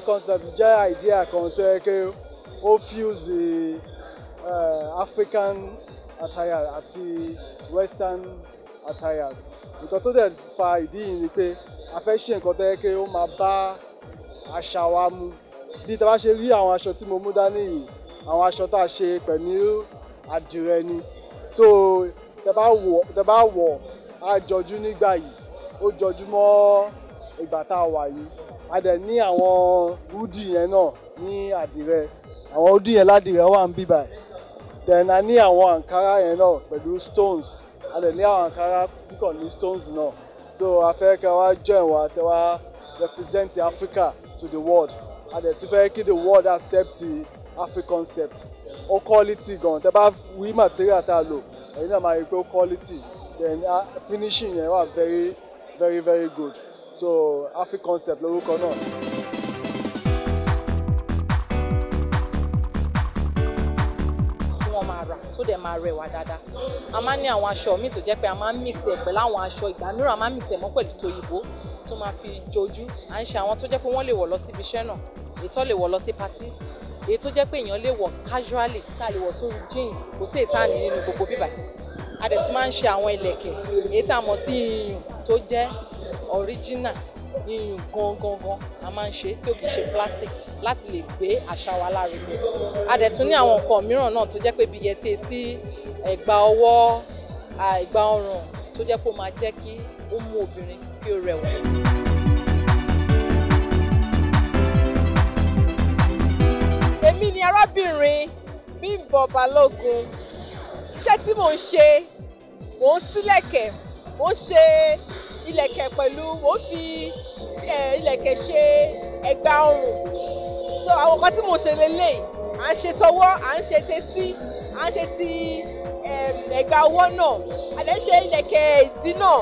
Afrique concept jẹ́ idea kan tó yẹ pé ó fuse uh, African attire àti Western attire nǹkan tó dẹ̀ fa ìdí yìí ni pé a fẹ́ ṣe nǹkan tó yẹ pé ó máa bá àṣà wa mu bí tá a bá ṣe rí àwọn aṣọ tí mo mú dání yìí àwọn aṣọ tá a ṣe pẹ̀lú àdìrẹ ni so tẹ bá wọ̀ á jọjú nígbà yìí ó jọjú mọ́ ìgbà tá a wà yìí a dẹ̀ ní àwọn húdì yẹn náà ní àdìrẹ àwọn húdì yẹn ládìrẹ wà ń bíbà then a ní àwọn àǹkárá yẹn náà pẹ̀lú stones a dẹ̀ ní àwọn àǹkárá tí kò ní stones náà so a fẹ́ kí wá join wa tẹ́ wá represent Africa to the world a dẹ̀ tún fẹ́ kí the world accept the African concept ó quality gan tẹ́ bá rí material tá a lò ẹ̀yin náà máa rí pé ó quality then uh, finishing yẹn wà very very very good so Africoncept lórúkọ náà. wọ́n máa rà tó dẹ̀ máa rẹwà dáadáa a máa ní àwọn aṣọ míì tó jẹ́ pé a máa ń mix ẹ̀ pẹ̀lú àwọn aṣọ ìgbà mìíràn a máa ń mix ẹ̀ mọ́ pẹ̀lú tòyìnbó tó máa fi jojú à ń ṣe àwọn tó jẹ́ pé wọ́n lè wọ̀ lọ síbi iṣẹ́ náà èyí tó lè wọ̀ lọ sí patí èyí tó jẹ́ pé èèyàn lè wọ̀ casually tá a lè wọ̀ sórí jeans kò sí èyí tá à ní nínú gbogbo bíbá a dẹ̀ tún máa ń ṣe àwọn ìlẹ̀kẹ̀ èyí tá a mọ̀ sí iyùn tó jẹ́ original iyùn gangan gan a máa ń ṣe tí ò kì í ṣe plastic láti lè gbé àṣà wa lárugẹ a dẹ̀ tún ní àwọn nǹkan mìíràn náà tó jẹ́ pé ibi yẹtí etí ẹ̀gbà ọwọ́ ẹ̀gbà ọrùn tó jẹ́ pé ó máa jẹ́ kí ó mú obìnrin kí ó rẹwà. èmi ni arábìnrin Bímbọ́ Balógun iṣẹ́ tí mò ń ṣe mò ń sílẹ̀kẹ̀ mò ń ṣe ilẹ̀kẹ̀ pẹ̀lú mò ń fi ilẹ̀kẹ̀ ṣe ẹ̀gbà ọrùn so àwọn nǹkan tí mò ń ṣe lélẹ́yìí à ń ṣe tọwọ́ à ń ṣe tẹ́tí à ń ṣe ti ẹ̀gbà ọwọ́ náà à ṣe ilẹ̀kẹ̀ ìdí náà.